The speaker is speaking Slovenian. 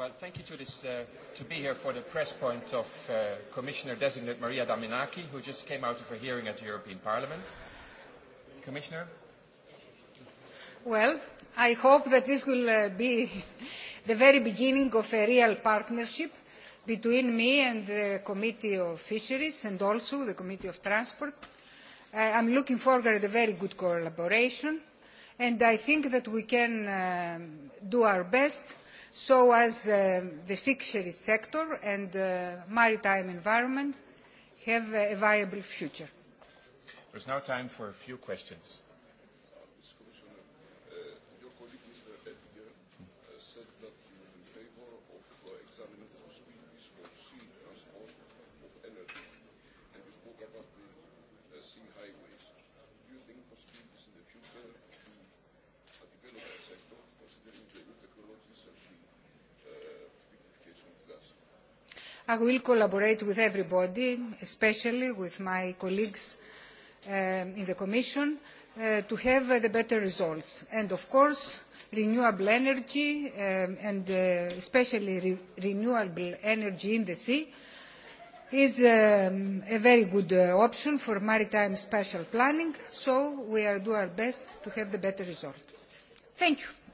Well, thank you to, this, uh, to be here for the press point of uh, Commissioner Designate Maria Daminaki, who just came out of a hearing at the European Parliament. Commissioner? Well, I hope that this will uh, be the very beginning of a real partnership between me and the Committee of Fisheries and also the Committee of Transport. Uh, I'm looking forward to a very good collaboration, and I think that we can uh, do our best so as uh, the fisheries sector and uh, maritime environment have a viable future. There is now time for a few questions. i will collaborate with everybody especially with my colleagues um, in the commission uh, to have better results and of course renewable energy um, and uh, especially renewable energy in the sea is um, a very good uh, option for maritime spatial planning so we are doing our best to have a better result. thank you.